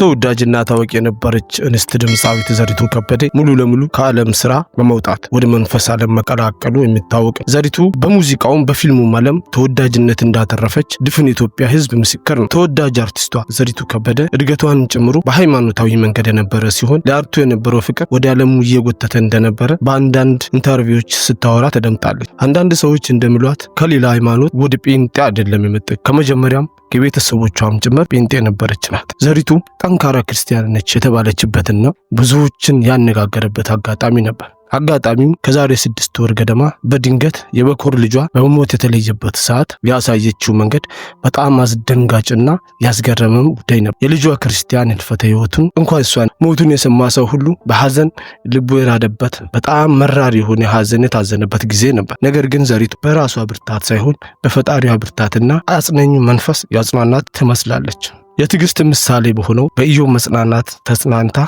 ተወዳጅና ታዋቂ የነበረች እንስት ድምፃዊት ዘሪቱ ከበደ ሙሉ ለሙሉ ከዓለም ስራ በመውጣት ወደ መንፈስ ዓለም መቀላቀሉ የሚታወቅ ዘሪቱ በሙዚቃውም በፊልሙም ዓለም ተወዳጅነት እንዳተረፈች ድፍን ኢትዮጵያ ሕዝብ ምስክር ነው። ተወዳጅ አርቲስቷ ዘሪቱ ከበደ እድገቷን ጨምሮ በሃይማኖታዊ መንገድ የነበረ ሲሆን ለአርቱ የነበረው ፍቅር ወደ ዓለሙ እየጎተተ እንደነበረ በአንዳንድ ኢንተርቪዎች ስታወራ ተደምጣለች። አንዳንድ ሰዎች እንደሚሏት ከሌላ ሃይማኖት ወደ ጴንጤ አይደለም የመጠች ከመጀመሪያም ከቤተሰቦቿም ጭምር ጴንጤ ነበረች ናት። ዘሪቱ ጠንካራ ክርስቲያን ነች የተባለችበትና ብዙዎችን ያነጋገረበት አጋጣሚ ነበር። አጋጣሚው ከዛሬ ስድስት ወር ገደማ በድንገት የበኩር ልጇ በመሞት የተለየበት ሰዓት ያሳየችው መንገድ በጣም አስደንጋጭና ያስገረመም ጉዳይ ነበር። የልጇ ክርስቲያን ህልፈተ ህይወቱን እንኳን እሷን ሞቱን የሰማ ሰው ሁሉ በሐዘን ልቡ የራደበት በጣም መራር የሆነ ሐዘን የታዘነበት ጊዜ ነበር። ነገር ግን ዘሪቱ በራሷ ብርታት ሳይሆን በፈጣሪዋ ብርታትና አጽናኙ መንፈስ ያጽናናት ትመስላለች። የትዕግስት ምሳሌ በሆነው በኢዮብ መጽናናት ተጽናንታ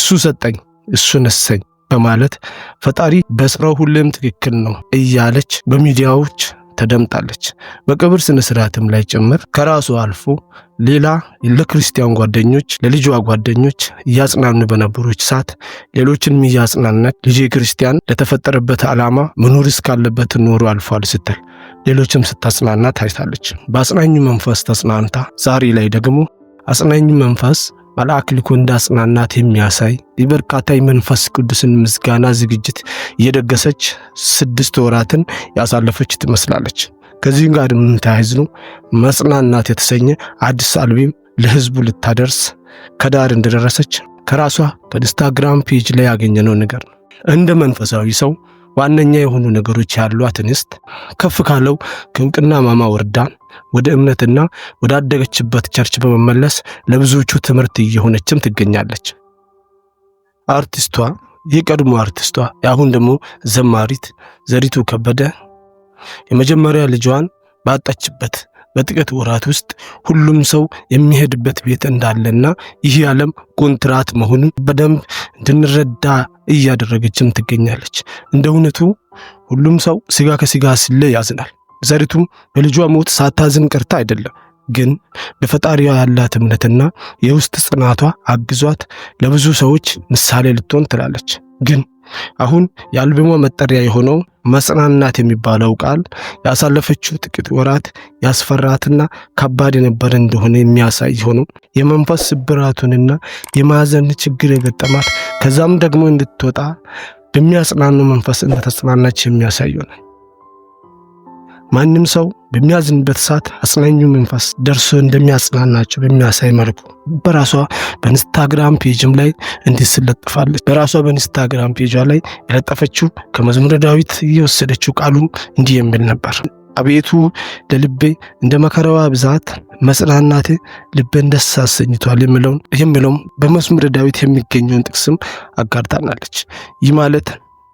እሱ ሰጠኝ እሱ ነሰኝ በማለት ፈጣሪ በስራው ሁሌም ትክክል ነው እያለች በሚዲያዎች ተደምጣለች። በቀብር ስነ ስርዓትም ላይ ጭምር ከራሱ አልፎ ሌላ ለክርስቲያን ጓደኞች ለልጇ ጓደኞች እያጽናኑ በነበሮች ሰዓት ሌሎችን እያጽናናች ልጄ ክርስቲያን ለተፈጠረበት ዓላማ መኖር እስካለበት ኖሮ አልፏል ስትል ሌሎችም ስታጽናና ታይታለች። በአጽናኙ መንፈስ ተጽናንታ ዛሬ ላይ ደግሞ አጽናኙ መንፈስ መልአክ ልኮ እንዳጽናናት የሚያሳይ የበርካታ የመንፈስ ቅዱስን ምስጋና ዝግጅት እየደገሰች ስድስት ወራትን ያሳለፈች ትመስላለች። ከዚህም ጋር የምንተያይዝ ነው መጽናናት የተሰኘ አዲስ አልቢም ለሕዝቡ ልታደርስ ከዳር እንደደረሰች ከራሷ ከኢንስታግራም ፔጅ ላይ ያገኘነው ነገር ነው። እንደ መንፈሳዊ ሰው ዋነኛ የሆኑ ነገሮች ያሏት እንስት ከፍ ካለው ከእውቅና ማማ ወርዳን ወደ እምነትና ወዳደገችበት ቸርች በመመለስ ለብዙዎቹ ትምህርት እየሆነችም ትገኛለች። አርቲስቷ የቀድሞ አርቲስቷ የአሁን ደግሞ ዘማሪት ዘሪቱ ከበደ የመጀመሪያ ልጇን ባጣችበት በጥቂት ወራት ውስጥ ሁሉም ሰው የሚሄድበት ቤት እንዳለና ይህ ዓለም ኮንትራት መሆኑን በደንብ እንድንረዳ እያደረገችም ትገኛለች። እንደ እውነቱ ሁሉም ሰው ስጋ ከስጋ ስለ ያዝናል። ዘሪቱ በልጇ ሞት ሳታዝን ቀርታ አይደለም፣ ግን በፈጣሪዋ ያላት እምነትና የውስጥ ጽናቷ አግዟት ለብዙ ሰዎች ምሳሌ ልትሆን ትላለች። ግን አሁን የአልበሟ መጠሪያ የሆነው መጽናናት የሚባለው ቃል ያሳለፈችው ጥቂት ወራት ያስፈራትና ከባድ የነበረ እንደሆነ የሚያሳይ ሆኖ የመንፈስ ስብራቱንና የማዘን ችግር የገጠማት ከዛም ደግሞ እንድትወጣ በሚያጽናኑ መንፈስ እንደተጽናናች የሚያሳይ ነው። ማንም ሰው በሚያዝንበት ሰዓት አጽናኙ መንፈስ ደርሶ እንደሚያጽናናቸው በሚያሳይ መልኩ በራሷ በኢንስታግራም ፔጅም ላይ እንዲህ ስለጥፋለች። በራሷ በኢንስታግራም ፔጇ ላይ የለጠፈችው ከመዝሙረ ዳዊት እየወሰደችው ቃሉ እንዲህ የሚል ነበር። አቤቱ ለልቤ እንደ መከራዋ ብዛት መጽናናቴ ልቤን ደስ አሰኝቷል የሚለውም በመዝሙረ ዳዊት የሚገኘውን ጥቅስም አጋርታናለች። ይህ ማለት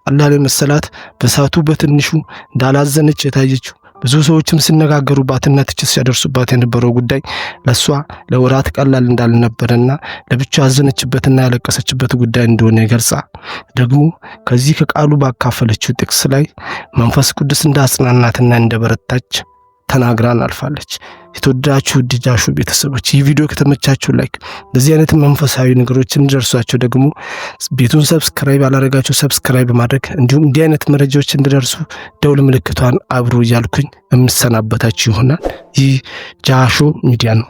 አላ ለመሰላት በሳቱ በትንሹ እንዳላዘነች የታየችው ብዙ ሰዎችም ሲነጋገሩባትና ትችት ሲያደርሱባት የነበረው ጉዳይ ለእሷ ለወራት ቀላል እንዳልነበረና ለብቻ ያዘነችበትና ያለቀሰችበት ጉዳይ እንደሆነ ይገልጻ። ደግሞ ከዚህ ከቃሉ ባካፈለችው ጥቅስ ላይ መንፈስ ቅዱስ እንዳጽናናትና እንደበረታች ተናግራ እናልፋለች። የተወደዳችሁ ድጃሹ ቤተሰቦች ይህ ቪዲዮ ከተመቻችሁ ላይክ፣ እንደዚህ አይነት መንፈሳዊ ነገሮች እንዲደርሷቸው ደግሞ ቤቱን ሰብስክራይብ ያላደረጋችሁ ሰብስክራይብ በማድረግ እንዲሁም እንዲህ አይነት መረጃዎች እንዲደርሱ ደውል ምልክቷን አብሮ እያልኩኝ የምሰናበታችሁ ይሆናል። ይህ ጃሾ ሚዲያ ነው።